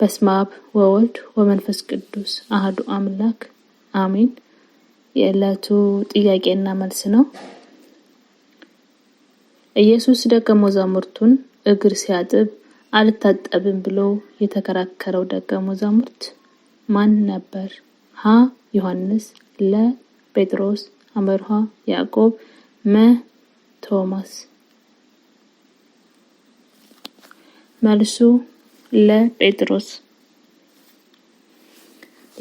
በስማብ አብ ወወልድ ወመንፈስ ቅዱስ አህዱ አምላክ አሜን። የዕለቱ ጥያቄና መልስ ነው። ኢየሱስ ደቀ መዛሙርቱን እግር ሲያጥብ አልታጠብም ብሎ የተከራከረው ደቀ መዛሙርት ማን ነበር? ሀ ዮሐንስ፣ ለ ጴጥሮስ፣ አመርሃ ያዕቆብ፣ መ ቶማስ። መልሱ ለጴጥሮስ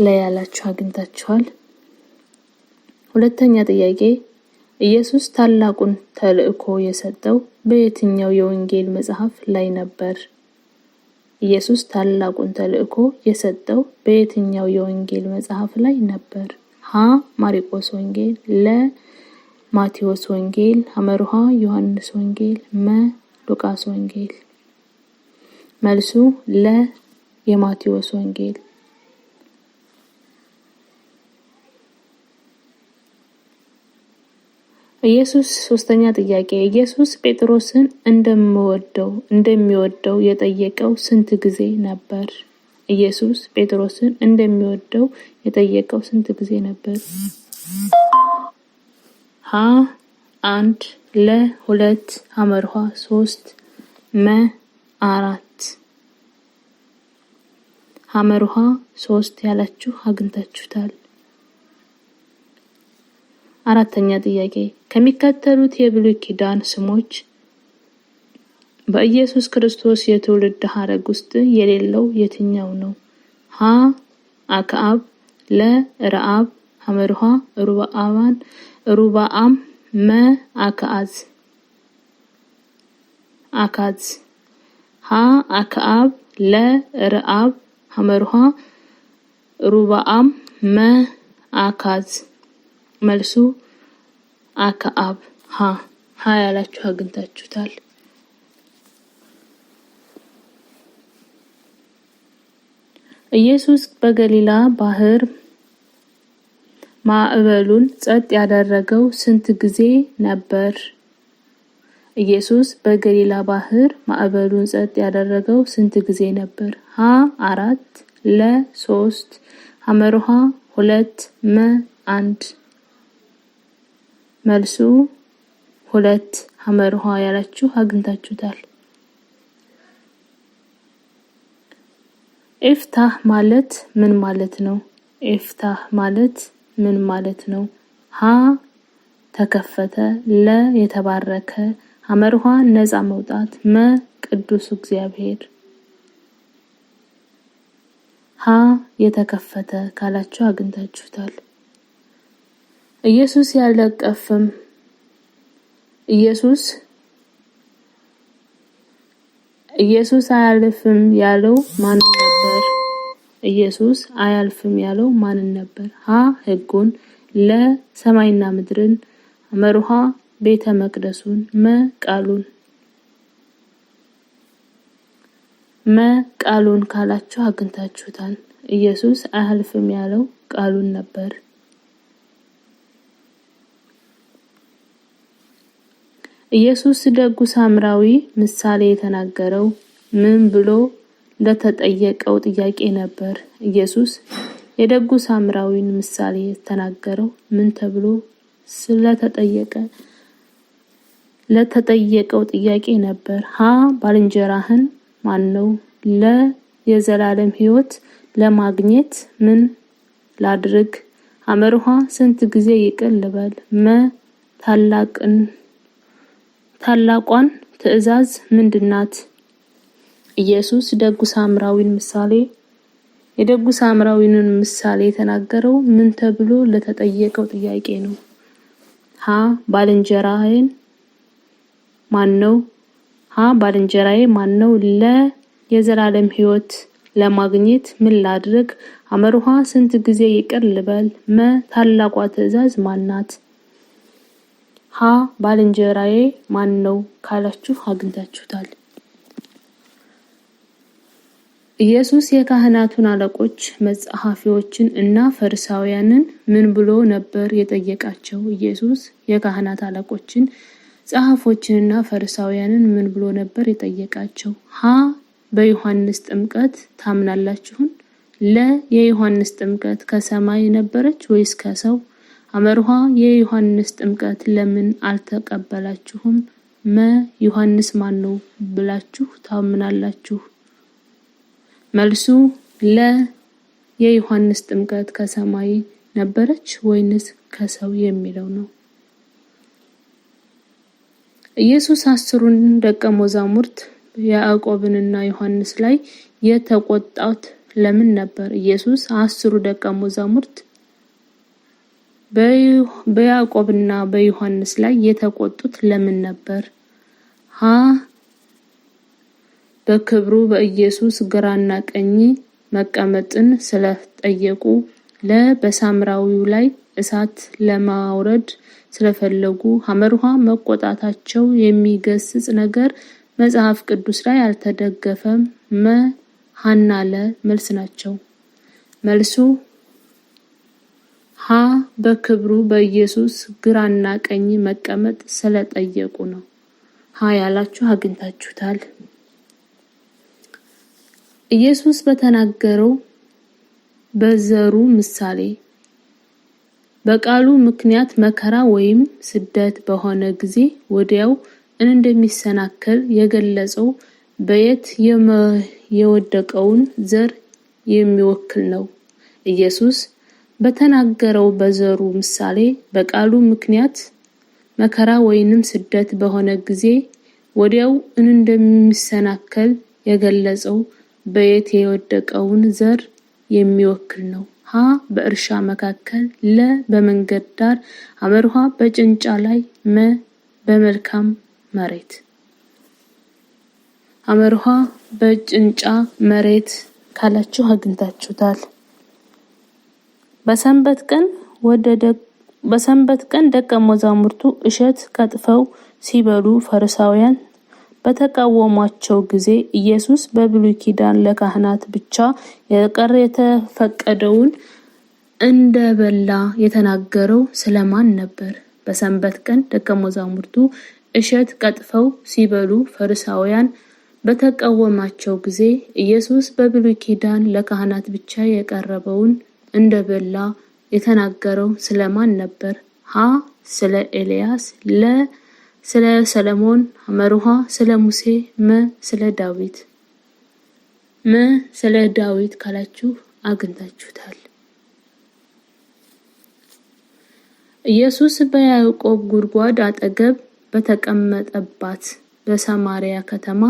ለያላችሁ አግኝታችኋል። ሁለተኛ ጥያቄ ኢየሱስ ታላቁን ተልእኮ የሰጠው በየትኛው የወንጌል መጽሐፍ ላይ ነበር? ኢየሱስ ታላቁን ተልእኮ የሰጠው በየትኛው የወንጌል መጽሐፍ ላይ ነበር? ሀ ማርቆስ ወንጌል፣ ለ ማቴዎስ ወንጌል፣ ሐመሩሃ ዮሐንስ ወንጌል፣ መ ሉቃስ ወንጌል መልሱ ለ የማቴዎስ ወንጌል ኢየሱስ ሶስተኛ ጥያቄ ኢየሱስ ጴጥሮስን እንደምወደው እንደሚወደው የጠየቀው ስንት ጊዜ ነበር? ኢየሱስ ጴጥሮስን እንደሚወደው የጠየቀው ስንት ጊዜ ነበር? ሀ አንድ ለ ሁለት ሐመርሃ ሶስት መ አራት ሐመር ውሃ ሶስት ያላችሁ አግኝታችሁታል። አራተኛ ጥያቄ ከሚከተሉት የብሉይ ኪዳን ስሞች በኢየሱስ ክርስቶስ የትውልድ ሐረግ ውስጥ የሌለው የትኛው ነው? ሀ አክዓብ፣ ለ ረአብ፣ ሐመርሃ ሩባአም፣ ሩባአም፣ መ አክዓዝ አካዝ ሀ አክአብ ለ ርአብ ሐመርሃ ሩባአም መ አካዝ መልሱ አክአብ ሀ ሀ ያላችሁ አግኝታችሁታል። ኢየሱስ በገሊላ ባህር ማዕበሉን ጸጥ ያደረገው ስንት ጊዜ ነበር? ኢየሱስ በገሊላ ባህር ማዕበሉን ጸጥ ያደረገው ስንት ጊዜ ነበር? ሀ አራት ለ ሶስት ሐመርሃ ሁለት መ አንድ መልሱ ሁለት ሐመርሃ ያላችሁ አግኝታችሁታል። ኢፍታህ ማለት ምን ማለት ነው? ኢፍታህ ማለት ምን ማለት ነው? ሀ ተከፈተ ለ የተባረከ አመርሃ ነፃ መውጣት መ ቅዱስ እግዚአብሔር ሀ የተከፈተ ካላችሁ አግኝታችሁታል። ኢየሱስ ያለቀፍም ኢየሱስ ኢየሱስ አያልፍም ያለው ማን ነበር? ኢየሱስ አያልፍም ያለው ማንን ነበር? ሀ ህጉን፣ ለ ሰማይና ምድርን፣ መርሃ ቤተ መቅደሱን መ ቃሉን መ ቃሉን ካላችሁ አግኝታችሁታል። ኢየሱስ አያልፍም ያለው ቃሉን ነበር። ኢየሱስ ደጉ ሳምራዊ ምሳሌ የተናገረው ምን ብሎ ለተጠየቀው ጥያቄ ነበር። ኢየሱስ የደጉ ሳምራዊን ምሳሌ የተናገረው ምን ተብሎ ስለተጠየቀ ለተጠየቀው ጥያቄ ነበር። ሀ ባልንጀራህን ማን ነው? ለ የዘላለም ህይወት ለማግኘት ምን ላድርግ? አመርሃ ስንት ጊዜ ይቅር ልበል? መ ታላቅን ታላቋን ትዕዛዝ ምንድናት? ኢየሱስ ደጉ ሳምራዊን ምሳሌ የደጉ ሳምራዊንን ምሳሌ የተናገረው ምን ተብሎ ለተጠየቀው ጥያቄ ነው? ሀ ባልንጀራህን ማነው? ሀ ባልንጀራዬ ነው ለ የዘላለም ህይወት ለማግኘት ምን ላድርግ? አመርሃ ስንት ጊዜ ይቅር ልበል? መ ታላቋ ትእዛዝ ማናት? ሀ ባልንጀራዬ ነው ካላችሁ አግኝታችሁታል። ኢየሱስ የካህናቱን አለቆች፣ መጻሐፊዎችን እና ፈሪሳውያንን ምን ብሎ ነበር የጠየቃቸው? ኢየሱስ የካህናት አለቆችን ጸሐፎችንና ፈሪሳውያንን ምን ብሎ ነበር የጠየቃቸው? ሀ በዮሐንስ ጥምቀት ታምናላችሁን? ለ የዮሐንስ ጥምቀት ከሰማይ ነበረች ወይስ ከሰው? አመርሃ የዮሐንስ ጥምቀት ለምን አልተቀበላችሁም? መ ዮሐንስ ማን ነው ብላችሁ ታምናላችሁ? መልሱ ለ የዮሐንስ ጥምቀት ከሰማይ ነበረች ወይንስ ከሰው የሚለው ነው። ኢየሱስ አስሩን ደቀ መዛሙርት ያዕቆብንና ዮሐንስ ላይ የተቆጣት ለምን ነበር? ኢየሱስ አስሩ ደቀ መዛሙርት በያዕቆብና በዮሐንስ ላይ የተቆጡት ለምን ነበር? ሀ በክብሩ በኢየሱስ ግራና ቀኝ መቀመጥን ስለጠየቁ ለ በሳምራዊው ላይ እሳት ለማውረድ ስለፈለጉ ሐመር መቆጣታቸው የሚገስጽ ነገር መጽሐፍ ቅዱስ ላይ አልተደገፈም። መ ሀና ለ መልስ ናቸው። መልሱ ሀ በክብሩ በኢየሱስ ግራና ቀኝ መቀመጥ ስለጠየቁ ነው። ሀ ያላችሁ አግኝታችሁታል። ኢየሱስ በተናገረው በዘሩ ምሳሌ በቃሉ ምክንያት መከራ ወይም ስደት በሆነ ጊዜ ወዲያው እንደሚሰናከል የገለጸው በየት የወደቀውን ዘር የሚወክል ነው። ኢየሱስ በተናገረው በዘሩ ምሳሌ በቃሉ ምክንያት መከራ ወይንም ስደት በሆነ ጊዜ ወዲያው እንደሚሰናከል የገለጸው በየት የወደቀውን ዘር የሚወክል ነው። ሀ በእርሻ መካከል፣ ለ በመንገድ ዳር፣ አመርሃ በጭንጫ ላይ፣ መ በመልካም መሬት። አመርሃ በጭንጫ መሬት ካላችሁ አግኝታችሁታል። በሰንበት ቀን ወደ በሰንበት ቀን ደቀ መዛሙርቱ እሸት ቀጥፈው ሲበሉ ፈሪሳውያን በተቃወሟቸው ጊዜ ኢየሱስ በብሉይ ኪዳን ለካህናት ብቻ የቀረ የተፈቀደውን እንደበላ የተናገረው ስለማን ነበር? በሰንበት ቀን ደቀ መዛሙርቱ እሸት ቀጥፈው ሲበሉ ፈሪሳውያን በተቃወማቸው ጊዜ ኢየሱስ በብሉይ ኪዳን ለካህናት ብቻ የቀረበውን እንደበላ የተናገረው ስለማን ነበር? ሀ ስለ ኤልያስ፣ ለ ስለ ሰለሞን አመሩሃ ስለ ሙሴ መ ስለ ዳዊት መ ስለ ዳዊት ካላችሁ አግኝታችሁታል። ኢየሱስ በያዕቆብ ጉድጓድ አጠገብ በተቀመጠባት በሰማሪያ ከተማ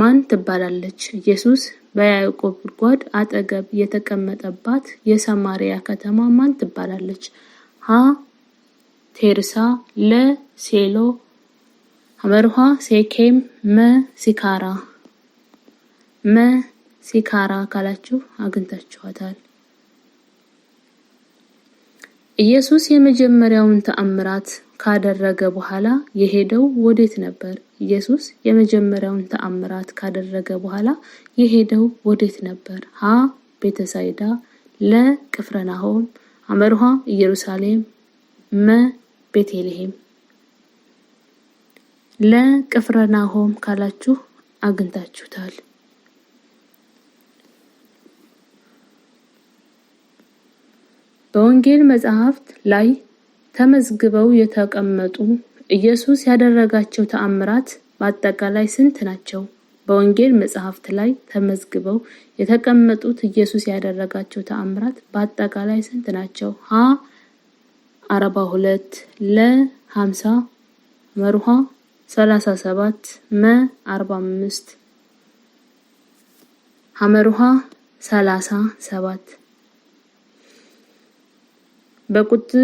ማን ትባላለች? ኢየሱስ በያዕቆብ ጉድጓድ አጠገብ የተቀመጠባት የሰማሪያ ከተማ ማን ትባላለች? ሀ ቴርሳ ለሴሎ አበርሃ ሴኬም መ ሲካራ ካላችሁ አግኝታችኋታል። ኢየሱስ የመጀመሪያውን ተአምራት ካደረገ በኋላ የሄደው ወዴት ነበር? ኢየሱስ የመጀመሪያውን ተአምራት ካደረገ በኋላ የሄደው ወዴት ነበር? ሀ ቤተሳይዳ፣ ለ ቅፍረናሆም፣ ኢየሩሳሌም፣ መ ቤቴልሄም ለቅፍረናሆም ካላችሁ አግኝታችሁታል። በወንጌል መጽሐፍት ላይ ተመዝግበው የተቀመጡ ኢየሱስ ያደረጋቸው ተአምራት በአጠቃላይ ስንት ናቸው? በወንጌል መጽሐፍት ላይ ተመዝግበው የተቀመጡት ኢየሱስ ያደረጋቸው ተአምራት በአጠቃላይ ስንት ናቸው? ሀ ሁለት ለ 50 ሰላሳ ሰባት መ 45 ሰላሳ ሰባት በቁጥር